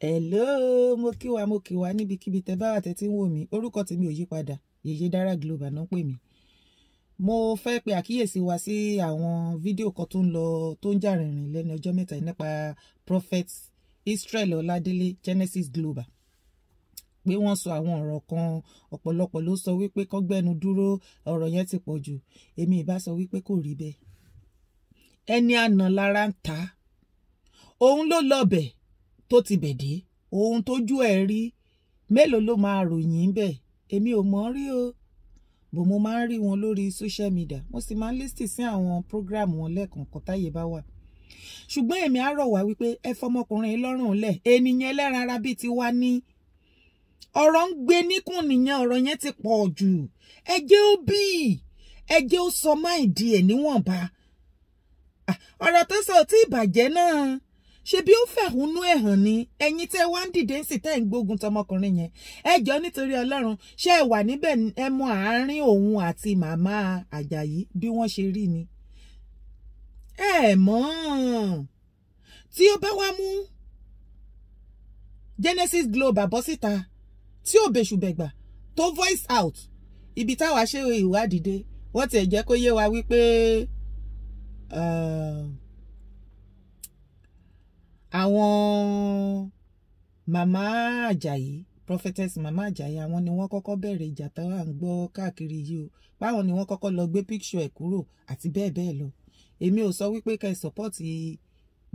hello mo kí wa mo kí wa níbikíbi tẹ bá wà tẹ tí ń wò mí orúkọ tèmi ò yí padà Yèyé Dara Global náà pè mí mo fẹ́ pe àkíyèsí wa sí àwọn fídíò kan tó ń lọ tó ń jà rìnrìn lẹ́nu ọjọ́ mẹ́ta nípa prophet Israel Ọládélé Genesis Global pé wọ́n sọ àwọn ọ̀rọ̀ kan ọ̀pọ̀lọpọ̀ ló sọ wípé kọ́gbẹ́nu dúró ọ̀rọ̀ yẹn ti pọ̀ jù èmi ìbá sọ wípé kò rí bẹ́ẹ̀ ẹni àná lára ń ta òun ló lọ bẹ́ẹ̀ tó ti bẹ̀dẹ̀ ohun tójú ẹ̀ rí mélòó ló máa ròyìn bẹ́ẹ̀ èmi ò mọ̀ rí o bò mo máa ń rí wọn lórí social media mo sì máa ń lísì sí àwọn program wọn lẹ́ẹ̀kọ̀ọ̀kan táyé bá wà ṣùgbọ́n èmi á rọ̀ wá wípé ẹ fọmọkùnrin lọ́rùn lẹ̀ ènìyàn ẹlẹ́ran ara bíi ti wá ní ọ̀rọ̀ ń gbé níkùn nìyẹn ọ̀rọ̀ yẹn ti pọ̀ jù ẹ ó bí ẹ ó sọ máìdí ẹ̀ níwọ̀nba ọ̀rọ̀ tó sọ ò tí náà ṣebí ó fẹ̀hónú ẹ̀ hàn ni ẹ̀yin tẹ́ wá ń dìde sí tẹ́ ń gbógun tọmọkùnrin yẹn ẹ jọ nítorí ọlọ́run ṣé ẹ wà níbẹ̀ ẹ àárín òun àti màmá àjàyí bí wọ́n ṣe rí ni. ẹ mọ̀ tí ó bá wá mú Genesis Global bọ́ síta tí ò bẹ̀ṣùbẹ̀gbà tó voice out ibi táwa ṣe ìwádìí dé wọ́n tiẹ̀ jẹ́ kó yé wa wípé. Uh, àwọn màmá Àjàyí prophetess màmá Àjàyí àwọn ni wọ́n kọ́kọ́ bẹ̀rẹ̀ ìjà táwa ń gbọ́ káàkiri yìí o páwọn ni wọ́n kọ́kọ́ lọ gbé picture ẹ̀ kúrò àti bẹ́ẹ̀ bẹ́ẹ̀ lọ èmi ò sọ wípé ká ẹ support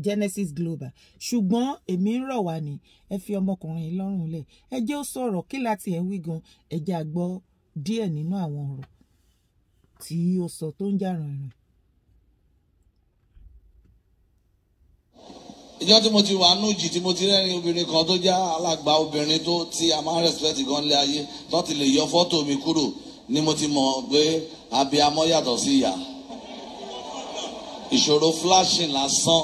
Genesis Global ṣùgbọ́n èmi ń rọ̀ wá ní ẹ fi ọmọkùnrin lọ́rùn lẹ̀ ẹ jẹ́ ó sọ̀rọ̀ kí láti ẹ̀ wí gan ẹ jẹ́ àgbọ́ díẹ̀ nínú àwọn ọ̀rọ̀ tí ó sọ tó ń jà rìnrìn ìjọ tí mo ti wà nù jì tí mo ti rẹ́rìn obìnrin kan tó já alàgbà obìnrin tó ti a máa respect gan lé ayé tó ti lè yọ fọ́tò mi kúrò ni mo ti mọ̀ pé abiyamọ yàtọ̀ sí ìyá ìṣòro flashing lásán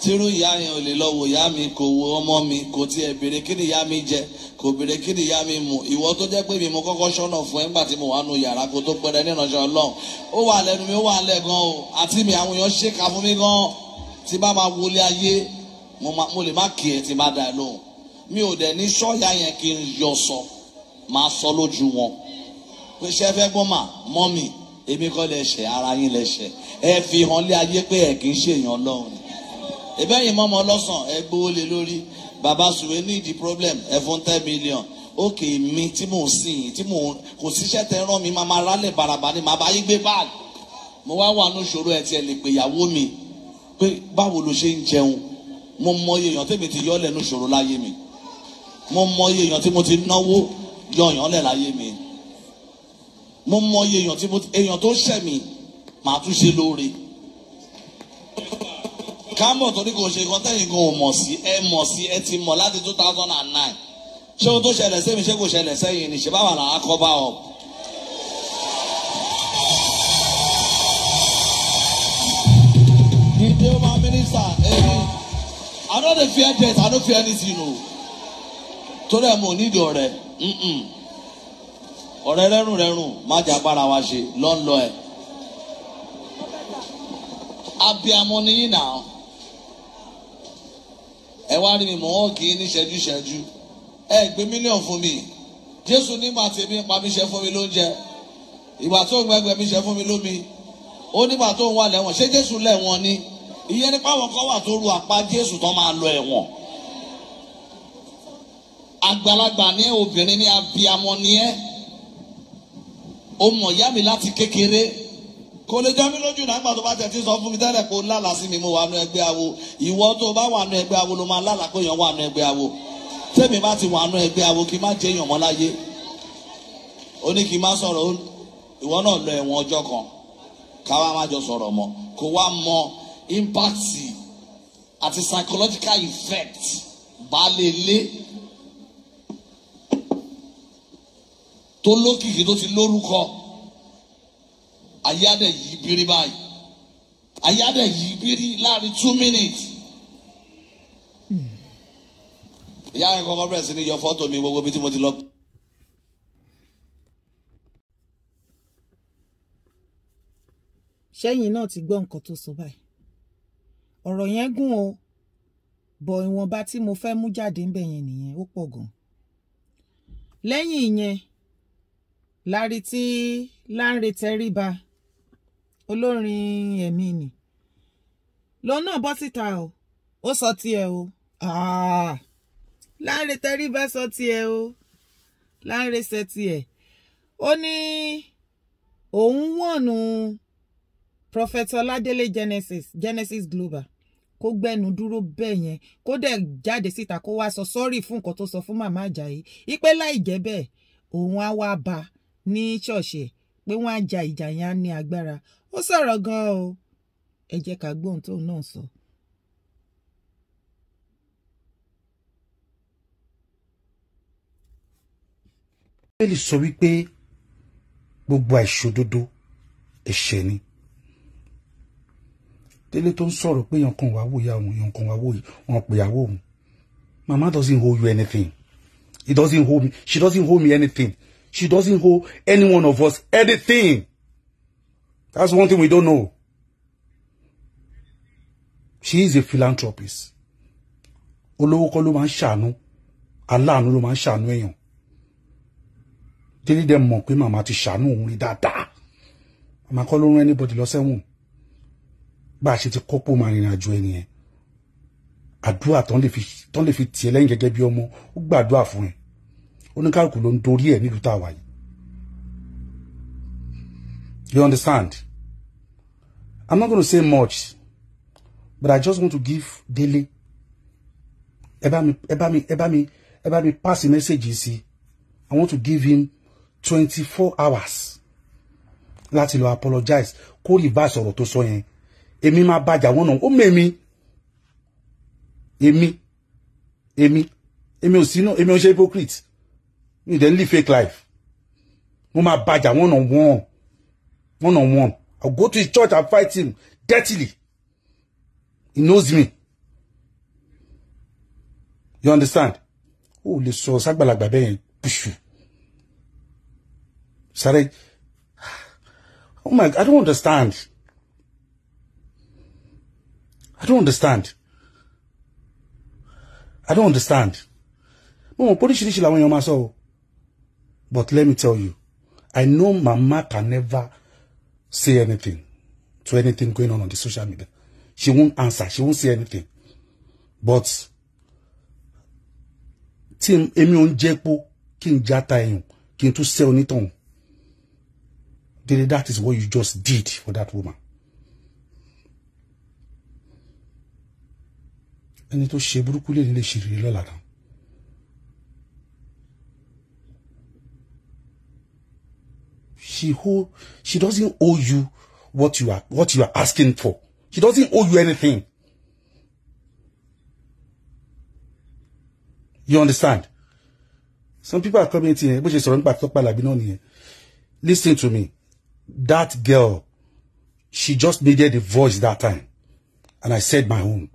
tírú ìyá yẹn ò lè lọ wò ìyá mi kò wo ọmọ mi kò tiẹ̀ béèrè kí ni ìyá mi jẹ kò béèrè kí ni ìyá mi mu ìwọ tó jẹ́ pé mi mo kọ́kọ́ ṣọ́nà fún ẹ nígbà tí mo wà nù yàrá kó tó pẹrẹ ní ìrànṣẹ́ ọlọ́run ó wà lẹ́nu mi ó wà lẹ̀ gan o àti mi àwọn èèyàn ṣèkà fún mi gan o tí bá máa wọlé ayé mo lè má kí ẹ tí bá dá ẹ lóhùn mi ò dẹ̀ ní sọ́ọ̀yà yẹn kí n yọ sọ máa sọ lójú wọn pé ṣe fẹ́ gbọ́n mà mọ́mì èmi kọ́ lè ṣe ara yín lè ṣe ẹ fi hàn lé ayé pé ẹ kì í ṣèyàn lọ́hùn ni ìbẹ́yìn mọ́mọ́ lọ́sàn ẹ gbowó lé lórí bàbá sùwé ní ìdí problem ẹ fún ten million ókè mi tí mò ń sìn tí mò ń kò síṣẹ́ tẹ rán mi máa máa rálẹ̀ bàràbà ni màá bá yí gbé báàgì mo wá wà ní ìṣòro ẹ̀ tiẹ̀ lè pè ìyàwó mi pé báwo ló ṣe ń jẹun mo mọyì èèyàn tèmi ti yọ lẹ́nu ṣòro láyé mi mo mọyì èèyàn tí mo ti náwó yọyàn lẹ láyé mi mo mọyì èèyàn tí mo ti èèyàn tó ṣẹ̀ mi màá tún ṣe lóore kámọ̀ torí kò ṣe kọ́ tẹ́yìn kò mọ̀ sí ẹ mọ̀ sí ẹ ti mọ̀ láti two thousand and nine ṣé o tó ṣẹlẹ̀ sẹ́mi ṣé kò ṣẹlẹ̀ sẹ́yìn ni ṣe báwa là á kọ́ bá ọ. I know they fear death. I don't fear anything, no. Torí ẹ̀ mo nídìí ọ̀rẹ́. Ọ̀rẹ́ rẹ́rùn rẹ́rùn má jẹ́ agbára wa ṣe lọ́nlọ́ ẹ̀. Abiamọ nìyí nà. Ẹ wá rí mi mọ̀ wọ́n kì í ní ṣẹ́jú ṣẹ́jú. Ẹ gbé mílíọ̀nù fún mi. Jésù nígbà tèmi pa mí ṣe fún mi lóúnjẹ. Ìgbà tó gbẹgbẹ mi ṣe fún mi lómi. Ó nígbà tó ń wà lẹ́wọ̀n. Ṣé Jésù lẹ́wọ̀n ni? ìyẹn ní pàwọn kan wà tó ru àpá Jésù tó máa lọ ẹ̀wọ̀n àgbàlagbà ní obìnrin ní abiamọ ni ẹ o mọ̀ ìyá mi láti kékeré kò lè jẹ́ mi lójú náà gbà tó bá tẹ̀ tí sọ fún mi tẹ́lẹ̀ kó lálà sí mi mo wà nù ẹgbẹ́ awo ìwọ tó bá wà nù ẹgbẹ́ awo ló máa lálà kó yàn wà nù ẹgbẹ́ awo tẹ́mi bá ti wà nù ẹgbẹ́ awo kí n má jẹ́ yàn mọ́ láyé ó ní kí má sọ̀rọ̀ ìwọ náà lọ ẹ̀wọ̀n ọjọ́ kan káwa má jọ sọ̀rọ̀ mọ́ kó wá mọ́ impact àti psychological effect baálé ilé tó lókìkí tó ti lórúkọ ayé adẹ yìí bírí báyìí ayé yìí bírí láàrin two minutes ìyá rẹ kọ́kọ́ bẹ̀rẹ̀ sí ni yọ fọ́tò mi gbogbo bí tí mo ti lọ. sẹ́yìn náà ti gbọ́ nǹkan tó sọ báyìí ọ̀rọ̀ yẹn gùn o bọ̀ ìwọ̀nba tí mo fẹ́ mú jáde ń bẹ̀ yẹn nìyẹn ó pọ̀ gan. lẹ́yìn ìyẹn lárí tí Lánre Tẹríba olórin ẹ̀mí nì lọ náà bọ́ síta o ó sọ tiẹ̀ o Lánre Tẹríba sọ tiẹ̀ o Lánre sẹ tiẹ̀ ó ní òun wọ̀nù Prophet Ọládélé Genesis Genesis Global kó gbẹ́nu dúró bẹ́ẹ̀ yẹn kó dẹ̀ jáde síta kó wá sọ sọ́rí fún nǹkan tó sọ fún màmá Àjàyí ipe láì jẹ́ bẹ́ẹ̀ òun á wá bá ní ṣọ̀ṣì pé wọ́n á ja ìjà yẹn á ní agbára ó sọ̀rọ̀ gan o ẹ jẹ́ ká gbóhùn tóun náà sọ. bẹ́ẹ̀ lè sọ wípé gbogbo àìṣòdodo ẹ̀ṣẹ̀ ni délé tó ń sọ̀rọ̀ pé yankan wàá wò ya òun yankan wàá wò wọn pè yàwó òun mama doesn't hold you anything he doesn't hold me she doesn't hold me anything she doesn't hold any one of us anything that's one thing we don't know she is a philanthropist olówó kọ́ ló máa ń ṣàánú aláàánú ló máa ń ṣàánú èèyàn délé dẹ̀ mọ̀ pé màmá ti ṣàánú òun rí dáadáa màmá kọ́ ló rán anybody lọ sẹ́wọ̀n bá a ṣe ti kọ́pọ̀ máa rìnrìn àjò ẹni yẹn àdúrà tán lè fi tiẹ̀ lẹ́yìn gẹ́gẹ́ bí ọmọ ó gbàdúrà fún ẹ oníkálukú ló ń dorí ẹ nílùú tá yìí you understand i'm not gonna say much but i just want to give Dele ẹ bá mi ẹ bá mi ẹ bá mi ẹ pass a message yìí sí i want to give him twenty four hours láti lọ apologize kó rí bá sọ̀rọ̀ tó sọ yẹn èmi máa bàjà wọn náà ó mẹ́mi èmi èmi èmi ò sínú èmi ò ṣe hypocrite mi dẹ̀ ń live fake life mo máa bàjà wọn náà wọ́n wọn náà wọ́n I go to his church and fight him deathly. he knows me you understand o lè sọ sàgbàlagbà bẹ́ẹ̀ yẹn pùṣù sáré oh my I don't understand. I don't understand. I don't understand. Mo mọ̀ oríṣiríṣi làwọn èèyàn máa sọ o. But let me tell you, I know Mama can never say anything to anything going on on the social media. She won't answer. She won't say anything. But tí èmi ò ń jẹ́ pó kí n játa ẹ̀yàn kí n tún ṣe onítọ̀hún. That is what you just did for that woman. ẹni tó ṣe burúkú lè lè ṣe rèé lọ́la kan. she owe she doesn't owe you what you are what you are asking for she doesn't owe you anything you understand some people are coming to here bó ṣe sọ̀rọ̀ nípa Tọ́pẹ́ Àlàbí náà nìyẹn listen to me that girl she just needed a voice that time and I said my own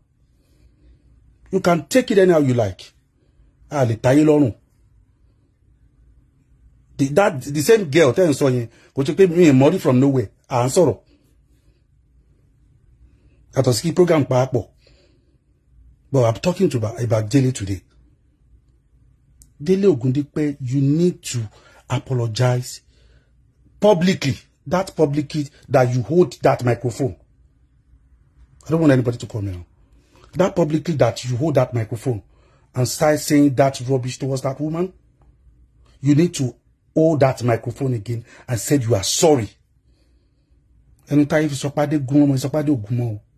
you can take it anyhow you like a lè tayé lọ́rùn the that the same girl tẹ́ ń sọ yẹn kò tó pé mi ì mọ́rí from nowhere à ń sọ̀rọ̀ yàtọ̀ sí kí program paapọ̀ but i'm talking to about, about daily today Daily, Ogundipe you need to apologize publicly that publicly that you hold that microphone i don't want anybody to call me now that publicly that you hold that microphone and start saying that rubbish towards that woman, you need to hold that microphone again and said you are sorry. Ẹni táyé fi